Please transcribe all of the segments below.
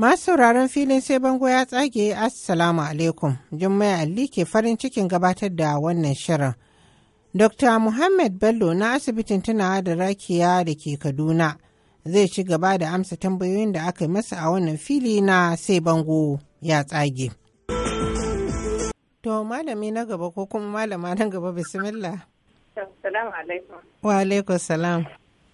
Masu sauraron filin sai bango ya tsage Assalamu alaikum. Jummai Ali ke farin cikin gabatar da wannan shirin. Dr. Muhammad Bello na asibitin tunawa da rakiya da ke Kaduna zai ci gaba da amsa tambayoyin da aka masa a wannan fili na sai bango ya tsage. To malami na gaba ko kuma malama na gaba bismillah.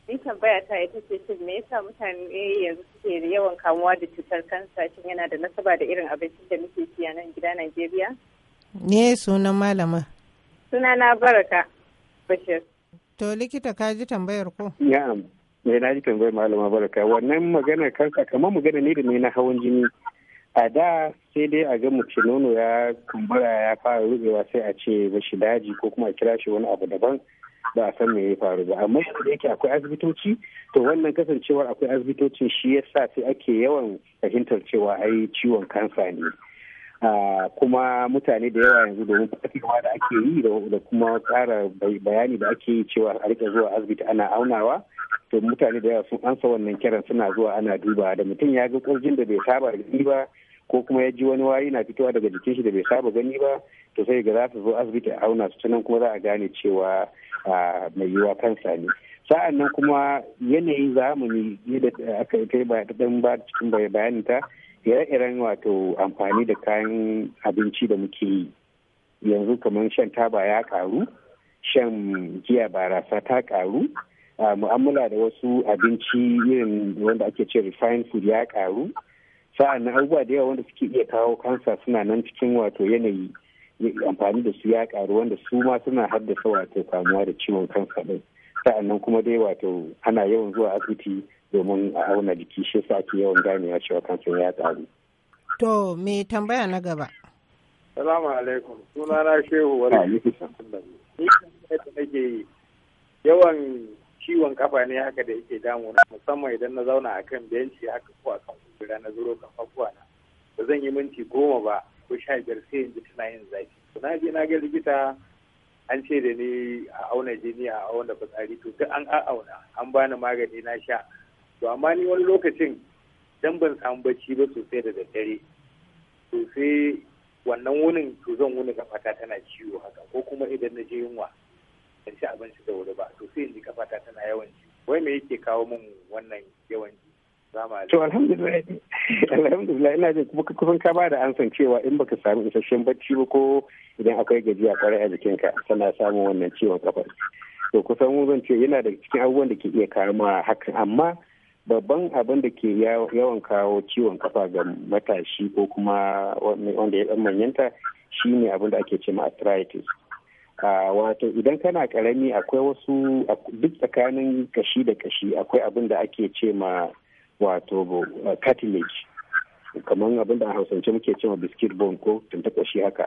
Ni tambaya ta ita ce shin me yasa mutane yanzu suke yawan kamuwa da cutar kansa shin yana da nasaba da irin abincin da muke ci a nan gida Najeriya? Ne sunan malama. na Baraka Bashir. To likita ka ji tambayar ko? Na'am. Me na ji tambayar malama Baraka wannan magana kansa kamar magana ne da me na hawan jini. a da sai dai a ga mace nono ya kumbura ya fara rubewa sai a ce ba shi daji ko kuma a kira shi wani abu daban ba a san me ya faru ba amma da yake akwai asibitoci to wannan kasancewar akwai asibitoci shi ya sa sai ake yawan fahimtar cewa ai ciwon kansa ne kuma mutane da yawa yanzu domin fatawa da ake yi da kuma tsara bayani da ake yi cewa a rika zuwa asibiti ana aunawa to mutane da yawa sun ansa wannan kiran suna zuwa ana dubawa da mutum ya ga kurjin da bai saba da ba ko kuma ya ji wani wari na fitowa daga jikin shi da bai saba gani ba to sai ga za su zo asibiti a auna su nan kuma za a gane cewa mai yiwuwa kansa ne sa'an nan kuma yanayin zamani yadda aka kai ba dan ba cikin bayanin ta ire-iren wato amfani da kayan abinci da muke yi yanzu kamar shan taba ya karu shan giya barasa ta karu mu'amala da wasu abinci irin wanda ake ce refined food ya karu sa'an nan abubuwa da yawa wanda suke iya kawo kansa suna nan cikin wato yanayi amfani da su ya karu wanda su ma suna haddasa wato kamuwa da ciwon kansa din sa'an nan kuma dai wato ana yawan zuwa asibiti domin a auna jiki shi yasa ake yawan ganewa cewa kansa ya karu. To me tambaya na gaba? Salamu alaikum na Shehu wani nake yawan ciwon kafa ne haka da yake damuna musamman idan na zauna akan benci haka ko a kan kujera na zuro kafafuwana ba zan yi minti goma ba ko sha biyar sai in tana yin zafi na je na ga likita an ce da ni a auna jini a auna fitsari to duk an auna an bani magani na sha to amma ni wani lokacin dan ban samu bacci ba sosai da daddare to wannan wunin to zan wuni kafata tana ciwo haka ko kuma idan na je yunwa ban ci abinci da wuri ba to sai in ji kafata tana yawanci ciwo wai me yake kawo min wannan yawanci. To alhamdulillah alhamdulillah ina jin kuma kusan ka bada ansan cewa in baka samu isasshen bacci ba ko idan akwai gajiya kwarai a jikinka tana samun wannan ciwon kafa To kusan mu zan ce yana da cikin abubuwan da ke iya karama hakan amma babban abin da ke yawan kawo ciwon kafa ga matashi ko kuma wanda ya dan manyanta shine abin da ake ce ma arthritis. wato idan kana karami akwai wasu duk tsakanin kashi da kashi akwai abin da ake ce ma wato uh, cartilage kamar abin da a hausance muke cewa biskit bone ko tunta kashi haka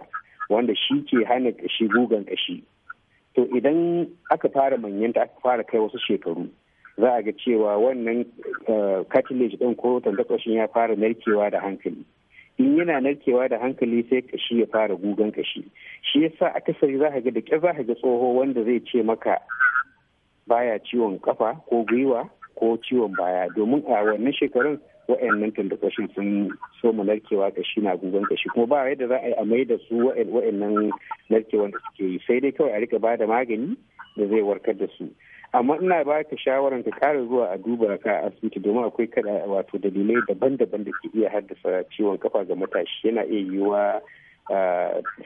wanda shi ke hana kashi gugan kashi to idan aka fara manyanta aka fara kai wasu shekaru za a ga cewa wannan uh, cartilage din ko tunta kashin ya fara narkewa da hankali in yana narkewa da hankali sai kashi ya fara gugan kashi shi yasa akasari za ka ga da ƙyar za ka ga tsoho wanda zai ce maka baya ciwon kafa ko gwiwa ko ciwon baya domin a wannan shekarun wa'annan tundukashin sun so mu narkewa kashi na gugun kashi kuma ba yadda za a yi a mai da su wa'annan narkewan da suke yi sai dai kawai a rika ba da magani da zai warkar da su amma ina ba ka shawaran ka kara zuwa a duba ka a asibiti domin akwai kada wato dalilai daban-daban da ke iya haddasa ciwon kafa ga matashi yana iya yiwuwa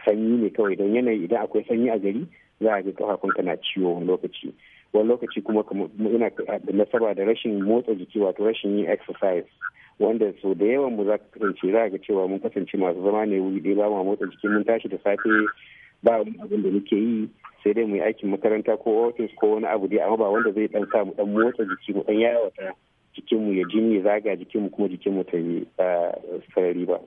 sanyi ne kawai don yanayi idan akwai sanyi a gari za a ga kafafun na ciwo lokaci wani lokaci kuma ina da nasaba da rashin motsa jiki wato rashin yin exercise wanda so da yawan mu za ka kasance za ga cewa mun kasance masu zama ne wuri ɗaya ba mu motsa jiki mun tashi da safe ba mu abin da muke yi sai dai mu yi aikin makaranta ko ofis ko wani abu dai amma ba wanda zai dan sa mu dan motsa jiki mu dan yawata jikin mu ya jini zaga jikin mu kuma jikin ta yi sarari ba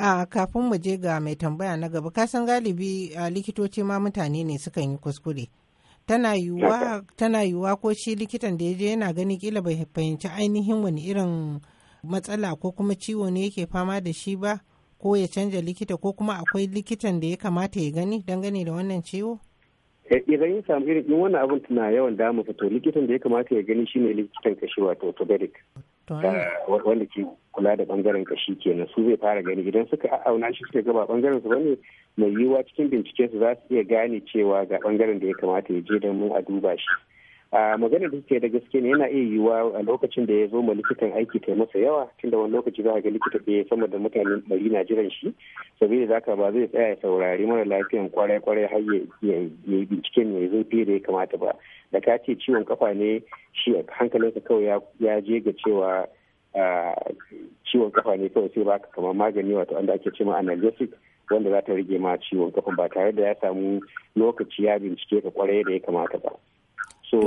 a kafin mu je ga mai tambaya na gaba kasan galibi likitoci ma mutane ne sukan yi kuskure tana yiwuwa ko shi likitan da ya je yana gani kila bai fahimci ainihin wani irin matsala ko kuma ciwo ne yake fama da shi ba ko ya canja likita ko kuma akwai likitan da ya kamata ya gani dangane da wannan ciwo? idan eh, ya samu irin wannan abin tana yawan damu fito likitan da ya kamata ya gani shine likitan kashi wato wanda ke kula da bangaren kashi kenan su zai fara gani idan suka auna shi suka gaba bangaren su bane mai yiwuwa cikin binciken su za su iya gane cewa ga bangaren da ya kamata ya je don mu a duba shi maganar da ke da gaske ne yana iya yiwuwa a lokacin da ya zo ma likitan aiki ta masa yawa tunda wani lokaci za ga likita ɗaya sama da mutanen ɗari na jiran shi saboda da haka ba zai tsaya ya saurari mara lafiyan kwarai kwarai har ya yi binciken ya zo fiye da ya kamata ba da ka ce ciwon kafa ne shi ka kawai ya je ga cewa ciwon kafa ne kawai sai baka kamar magani wato wanda ake cewa analgesic wanda za ta rage ma ciwon kafa ba tare da ya samu lokaci ya bincike ka kwarai da ya kamata ba. so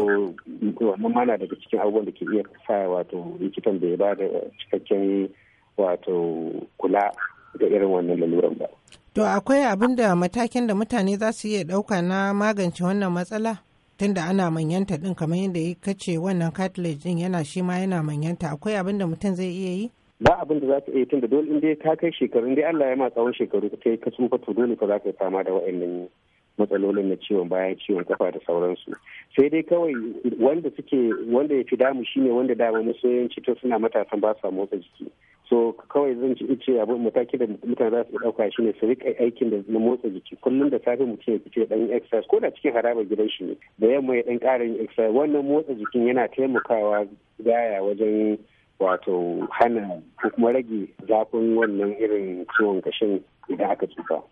wannan ma daga cikin abubuwan da ke iya sa wato likitan da ya ba da cikakken wato kula da irin wannan laluran ba to akwai abin da matakin da mutane za su iya ɗauka na magance wannan matsala tunda ana manyanta din kamar yadda ka ce wannan cartilage din yana shi ma yana manyanta akwai abin da mutum zai iya yi ba abin da za ka iya tunda dole in dai ka kai shekaru in dai Allah ya ma tsawon shekaru ka kai ka tsufa to dole ka za ka fama da wa'annan matsalolin na ciwon baya ciwon kafa da sauransu sai dai kawai wanda suke wanda ya fi damu shine wanda dama masoyan to suna matasan ba su motsa jiki so kawai zan ci ce abin mataki da mutane za su dauka shine su rika aikin da na motsa jiki kullum da safe mutum ya fice dan exercise ko da cikin haraba gidan shi ne da yamma ya dan ƙara exercise wannan motsa jikin yana taimakawa gaya wajen wato hana ko kuma rage zafin wannan irin ciwon kashin idan aka tsufa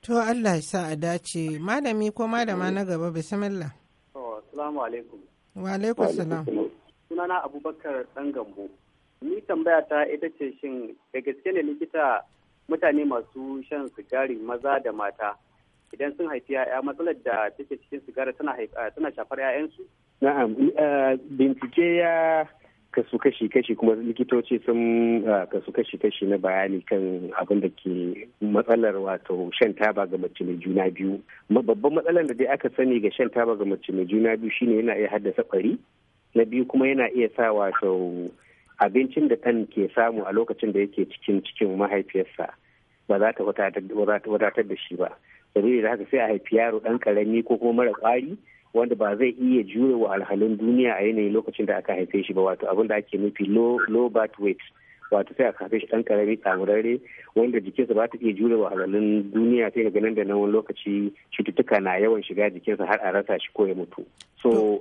To Allah ya sa a dace. Malami ko malama na gaba bismillah. Assalamu alaikum. Wa alaikum salam. Sunana Abubakar dan Gambo. Ni tambaya ta ita ce shin da gaske ne likita mutane masu shan sigari maza da mata idan sun haifi ya'ya matsalar da take cikin sigari tana shafar 'ya'yansu? Na'am, eh, bincike ya kasu kashi-kashi kuma likitoci sun ah, kasu kashi-kashi na bayani kan abin da ke matsalar wato shan taba ga mace mai juna biyu babban matsalar da dai aka sani ga shan taba ga mace mai juna biyu shine yana iya haddasa ɓari na biyu kuma yana iya sa wato abincin da ɗan ke samu a lokacin da yake cikin cikin mahaifiyarsa ba za ta wadatar da shi ba da haka sai a haifi yaro ɗan karami ko kuma mara kwari. wanda ba zai iya jure wa alhalin duniya a yanayin lokacin da aka haife shi ba wato abin da ake nufi low birth weight wato sai aka haife shi dan karami tamurare wanda jikinsa ba ta iya jure wahalhalun duniya sai ga nan da nan wani lokaci cututtuka na yawan shiga jikinsa har a rasa shi ko ya mutu so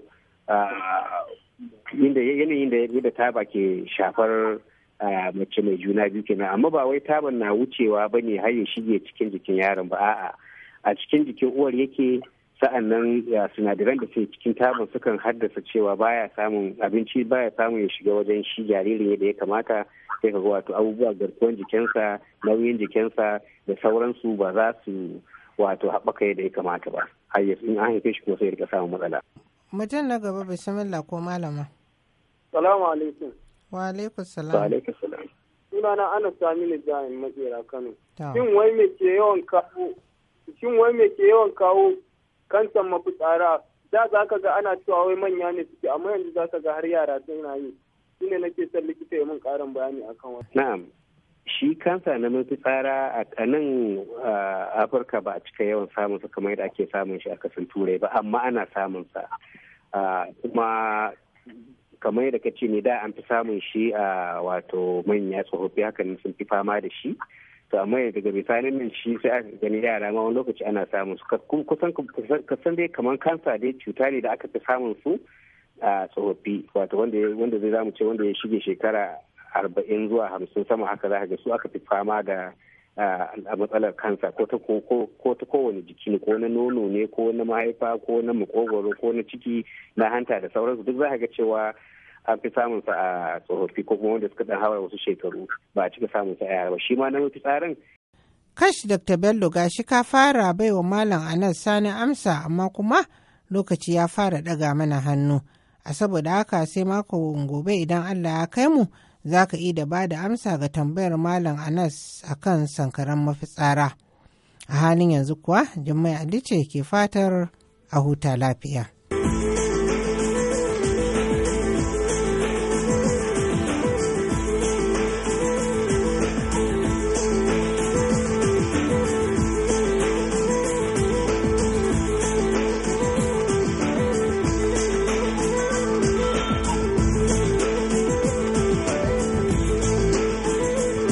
inda ah, yanayin da yadda taba ke shafar ah, mace mai juna biyu kenan amma ba wai taban na wucewa ba ne har ya shige cikin jikin yaron ba a'a a cikin jikin uwar yake sa'annan sinadaran da ke cikin tabon sukan haddasa cewa baya samun abinci baya samun ya shiga wajen shi jaririn yadda ya kamata sai ka wato abubuwa garkuwan jikinsa nauyin jikinsa da sauransu ba za su wato haɓaka yadda ya kamata ba har ya in an haife shi ko sai rika samun matsala. mutum na gaba bismillah ko malama. salamu alaikum. wa alaikum salam. wa alaikum salam. sunana ana sami ne jami'in matsera kano. shin wai me ke yawan kawo shin wai me ke yawan kawo kansan mafitsara da za ka ga ana cewa wai manya ne suke amma yanzu za ka ga har yara suna yi ne nake son likita ya mun karin bayani akan wasu. na'am shi kansa na mafitsara a nan afirka ba a cika yawan samunsa kamar yadda ake samun shi a kasan turai ba amma ana samunsa kuma kamar yadda ka ce ne da an fi samun shi a wato manya tsofaffi hakan sun fi fama da shi to amma daga bisanin nan shi sai aka gani yara ma wani lokaci ana samun su kusan kusan dai kamar kansa dai cuta ne da aka fi samun su a tsofaffi wato wanda zai zamu ce wanda ya shige shekara arba'in zuwa hamsin sama haka za ga su aka fi fama da a matsalar kansa ko ta ko ta kowane jiki ne ko na nono ne ko na mahaifa ko na makogwaro ko na ciki na hanta da sauransu duk za ga cewa an fi samun sa a tsofaffi ko kuma wanda suka dan hawa wasu shekaru ba a cika samun sa a yara ba shi ma na mafi tsarin. kash dr bello gashi ka fara baiwa malam anas sani amsa amma kuma lokaci ya fara daga mana hannu a saboda haka sai mako gobe idan allah ya kai mu za ka iya ba da amsa ga tambayar malam anas a kan sankaran mafitsara a halin yanzu kuwa Jummai ali ce ke fatar a huta lafiya.